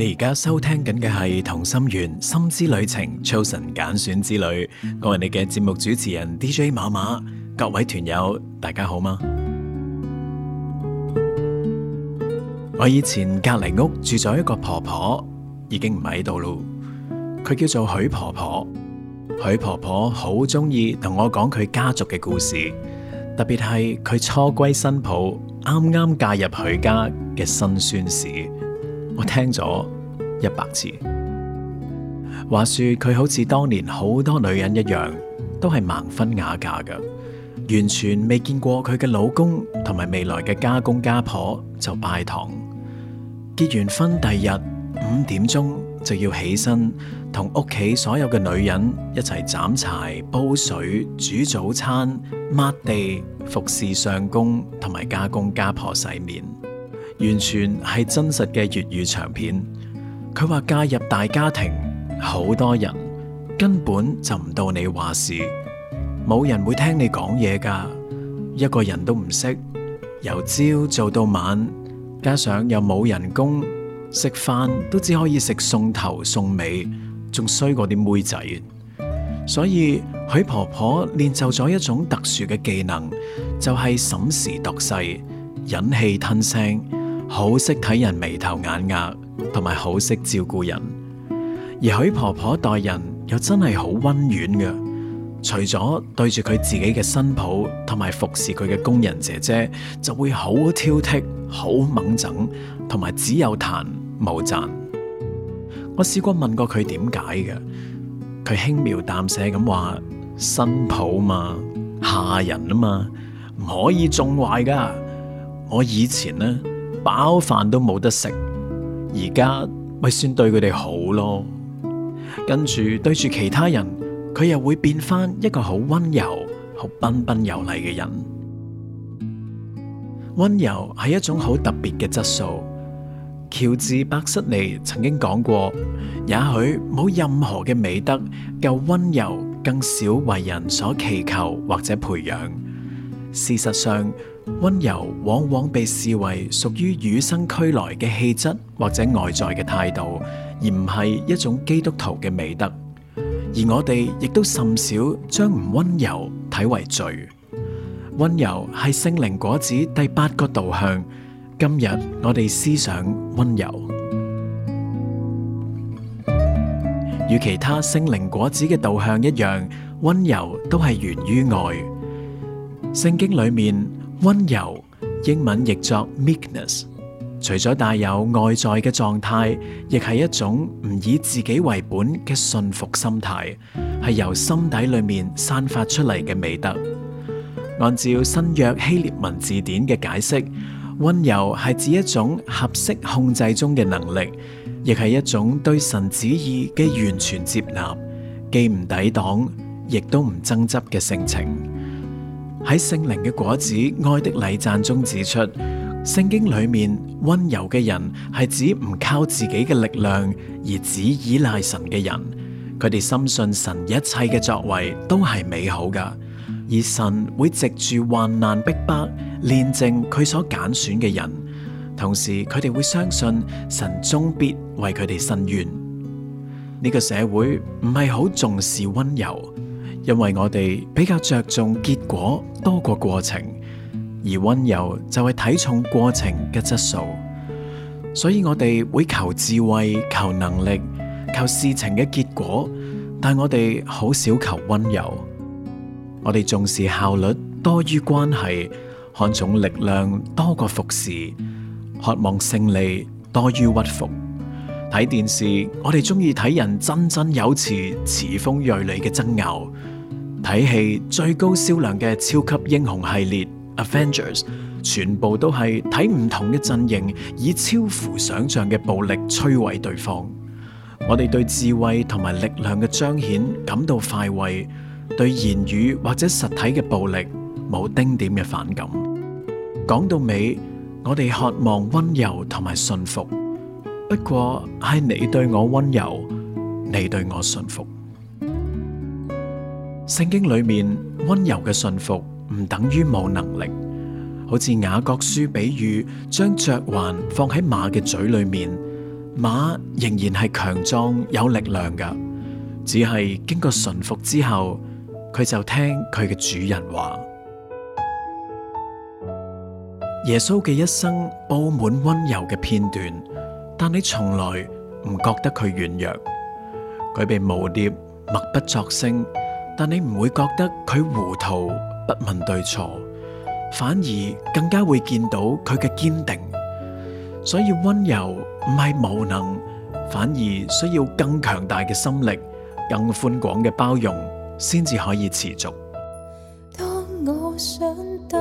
你而家收聽緊嘅係同心圓心之旅程 Chosen 揀選之旅，mm hmm. 我係你嘅節目主持人 DJ 馬馬，各位團友大家好嗎？Mm hmm. 我以前隔籬屋住咗一個婆婆，已經唔喺度咯。佢叫做許婆婆，許婆婆好鍾意同我講佢家族嘅故事，特別係佢初歸新抱啱啱嫁入許家嘅辛酸史，mm hmm. 我聽咗。一百次，話說佢好似當年好多女人一樣，都係盲婚啞嫁噶，完全未見過佢嘅老公同埋未來嘅家公家婆就拜堂。結完婚第日五點鐘就要起身，同屋企所有嘅女人一齊斬柴、煲水、煮早餐、抹地、服侍相公同埋家公家婆洗面，完全係真實嘅粵語長片。佢話嫁入大家庭，好多人根本就唔到你話事，冇人會聽你講嘢㗎，一個人都唔識。由朝做到晚，加上又冇人工，食飯都只可以食餸頭餸尾，仲衰過啲妹仔。所以許婆婆練就咗一種特殊嘅技能，就係審時度勢、忍氣吞聲，好識睇人眉頭眼額。同埋好識照顧人，而許婆婆待人又真係好溫軟嘅。除咗對住佢自己嘅新抱，同埋服侍佢嘅工人姐姐，就會好挑剔、好猛整，同埋只有彈冇讚。我試過問過佢點解嘅，佢輕描淡寫咁話：新抱嘛，下人啊嘛，唔可以縱壞噶。我以前呢，飽飯都冇得食。而家咪算對佢哋好咯。跟住對住其他人，佢又會變翻一個好溫柔、好彬彬有禮嘅人。溫柔係一種好特別嘅質素。喬治·伯瑟尼曾經講過，也許冇任何嘅美德夠溫柔，更少為人所祈求或者培養。事實上，溫柔往往被視為屬於與生俱來嘅氣質或者外在嘅態度，而唔係一種基督徒嘅美德。而我哋亦都甚少將唔溫柔睇為罪。溫柔係聖靈果子第八個導向。今日我哋思想溫柔，與其他聖靈果子嘅導向一樣，溫柔都係源於愛。聖經裏面溫柔英文譯作 meekness，除咗帶有外在嘅狀態，亦係一種唔以自己為本嘅信服心態，係由心底裏面散發出嚟嘅美德。按照新約希臘文字典嘅解釋，溫柔係指一種合適控制中嘅能力，亦係一種對神旨意嘅完全接納，既唔抵擋，亦都唔爭執嘅性情。喺聖靈嘅果子愛的禮讚中指出，聖經裏面溫柔嘅人係指唔靠自己嘅力量，而只依賴神嘅人。佢哋深信神一切嘅作為都係美好噶，而神會藉住患難逼迫煉淨佢所揀選嘅人，同時佢哋會相信神終必為佢哋伸冤。呢、這個社會唔係好重視溫柔。因為我哋比較着重結果多過過程，而温柔就係睇重過程嘅質素，所以我哋會求智慧、求能力、求事情嘅結果，但我哋好少求温柔。我哋重視效率多於關係，看重力量多過服侍，渴望勝利多於屈服。睇電視，我哋中意睇人真真有詞、詞鋒銳利嘅爭拗。睇戲最高銷量嘅超級英雄系列《Avengers》，全部都係睇唔同嘅陣營，以超乎想象嘅暴力摧毀對方。我哋對智慧同埋力量嘅彰顯感到快慰，對言語或者實體嘅暴力冇丁點嘅反感。講到尾，我哋渴望溫柔同埋信服，不過係你對我溫柔，你對我信服。聖經裏面溫柔嘅順服唔等於冇能力，好似雅各書比喻，將嚼環放喺馬嘅嘴裏面，馬仍然係強壯有力量噶，只係經過順服之後，佢就聽佢嘅主人話。耶穌嘅一生佈滿溫柔嘅片段，但你從來唔覺得佢軟弱，佢被誣衊，默不作聲。但你唔會覺得佢糊塗，不問對錯，反而更加會見到佢嘅堅定。所以溫柔唔係無能，反而需要更強大嘅心力、更寬廣嘅包容，先至可以持續。當我想到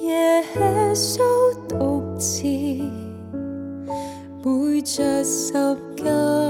耶穌獨自背著十架。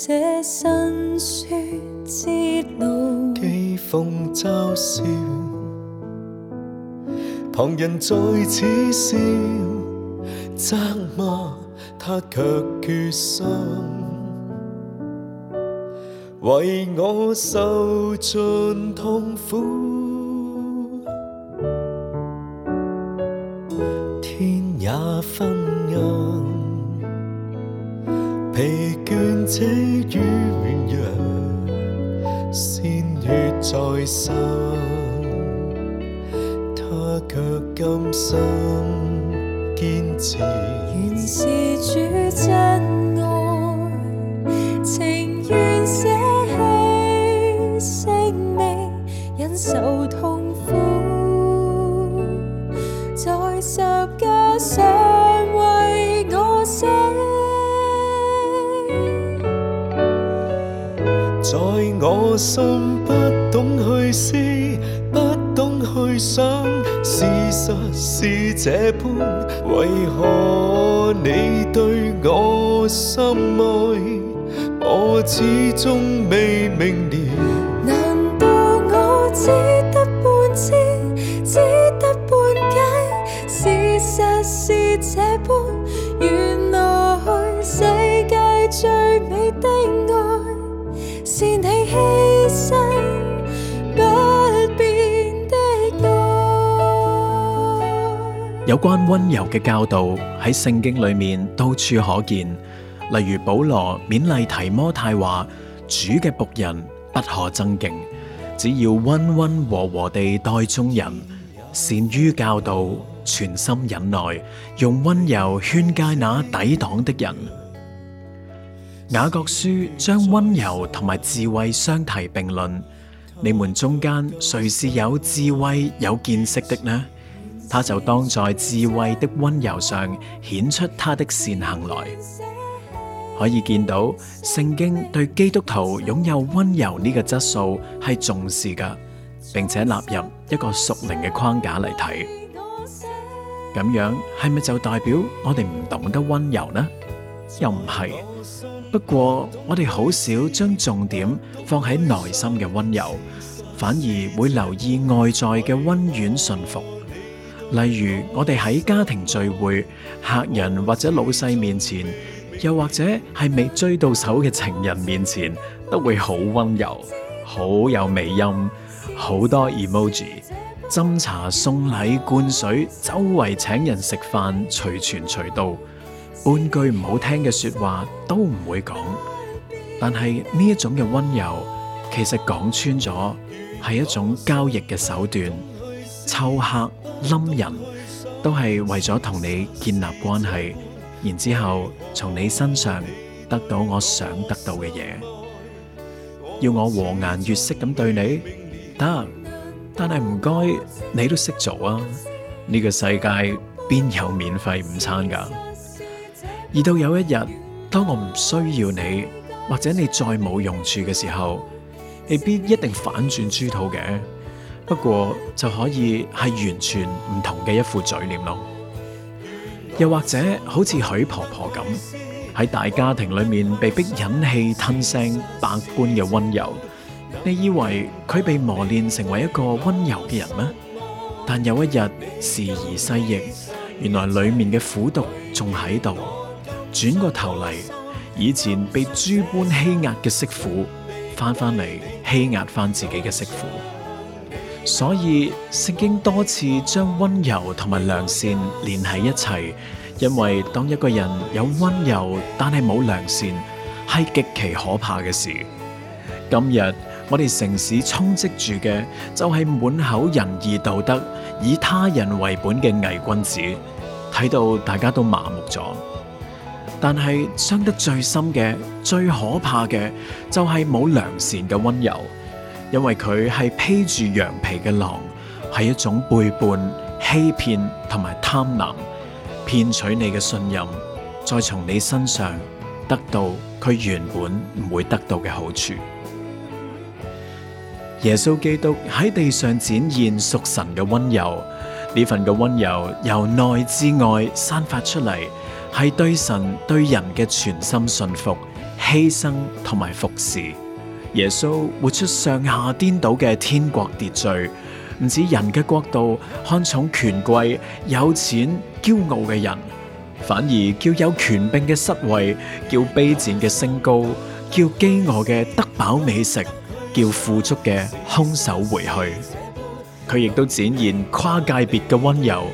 這新書之路，譏諷嘲笑，旁人在恥笑，責罵他卻決心，為我受盡痛苦。遮掩面容，鮮血在滲，他卻甘心堅持，原是主真。我心不懂去思，不懂去想，事實是這般，為何你對我深愛，我始終未明了。難道我只得半知，只得半解，事實是這般，原來世界最美的愛，是你。有關溫柔嘅教導喺聖經裏面到處可見，例如保羅勉勵提摩太話：主嘅僕人不可爭競，只要溫溫和和，和地待眾人，善於教導，存心忍耐，用溫柔勸戒那抵擋的人。雅各書將溫柔同埋智慧相提並論，你們中間誰是有智慧有見識的呢？他就當在智慧的溫柔上顯出他的善行來，可以見到聖經對基督徒擁有溫柔呢個質素係重視噶，並且納入一個屬靈嘅框架嚟睇。咁樣係咪就代表我哋唔懂得溫柔呢？又唔係。不過我哋好少將重點放喺內心嘅溫柔，反而會留意外在嘅溫軟信服。例如我哋喺家庭聚會、客人或者老細面前，又或者係未追到手嘅情人面前，都會好溫柔、好有美音、好多 emoji，斟茶送禮、灌水、周圍請人食飯、隨傳隨到，半句唔好聽嘅說話都唔會講。但係呢一種嘅溫柔，其實講穿咗係一種交易嘅手段。湊客冧人都係為咗同你建立關係，然之後從你身上得到我想得到嘅嘢，要我和顏悦色咁對你得，但係唔該你都識做啊！呢個世界邊有免費午餐噶？而到有一日，當我唔需要你，或者你再冇用處嘅時候，你必一定反轉豬肚嘅。不過就可以係完全唔同嘅一副嘴臉咯，又或者好似許婆婆咁喺大家庭裏面被逼忍氣吞聲，百般嘅溫柔，你以為佢被磨練成為一個溫柔嘅人咩？但有一日時移世易，原來裏面嘅苦毒仲喺度。轉個頭嚟，以前被諸般欺壓嘅媳婦返返嚟欺壓返自己嘅媳婦。所以聖經多次將溫柔同埋良善連喺一齊，因為當一個人有溫柔但係冇良善，係極其可怕嘅事。今日我哋城市充斥住嘅就係滿口仁義道德、以他人為本嘅偽君子，睇到大家都麻木咗。但係傷得最深嘅、最可怕嘅就係冇良善嘅溫柔。因為佢係披住羊皮嘅狼，係一種背叛、欺騙同埋貪婪，騙取你嘅信任，再從你身上得到佢原本唔會得到嘅好處。耶穌基督喺地上展現屬神嘅温柔，呢份嘅温柔由內至外散發出嚟，係對神對人嘅全心信服、犧牲同埋服侍。耶穌活出上下顛倒嘅天國秩序，唔止人嘅國度看重權貴、有錢、驕傲嘅人，反而叫有權柄嘅失位，叫卑賤嘅升高，叫飢餓嘅得飽美食，叫富足嘅空手回去。佢亦都展現跨界別嘅溫柔，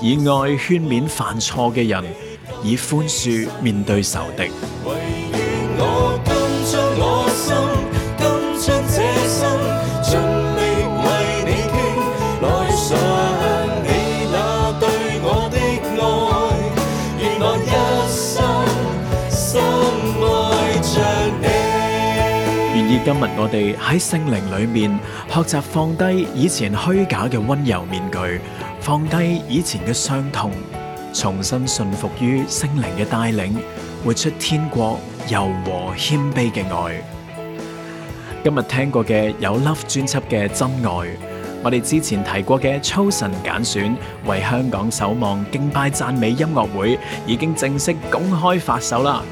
以愛勸勉犯錯嘅人，以寬恕面對仇敵。今日我哋喺聖靈裏面學習放低以前虛假嘅溫柔面具，放低以前嘅傷痛，重新順服於聖靈嘅帶領，活出天國柔和謙卑嘅愛。今日聽過嘅有 Love 專輯嘅真愛，我哋之前提過嘅 Chosen 揀選，為香港守望敬拜讚美音樂會已經正式公開發售啦。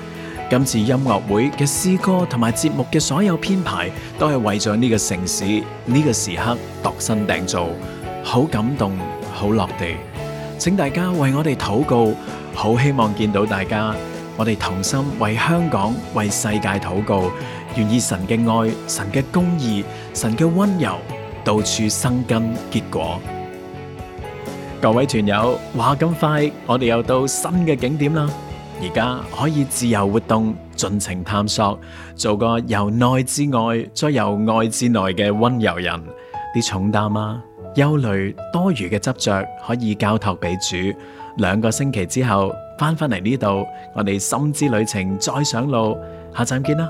今次音樂會嘅詩歌同埋節目嘅所有編排，都係為咗呢個城市呢個時刻度身訂造，好感動，好落地。請大家為我哋禱告，好希望見到大家，我哋同心為香港、為世界禱告，願意神嘅愛、神嘅公義、神嘅溫柔到處生根結果。各位團友，話咁快，我哋又到新嘅景點啦～而家可以自由活動，盡情探索，做個由內至外再由外至內嘅溫柔人。啲重擔啊、憂慮、多餘嘅執着，可以交託俾主。兩個星期之後翻返嚟呢度，我哋心之旅程再上路。下站見啦！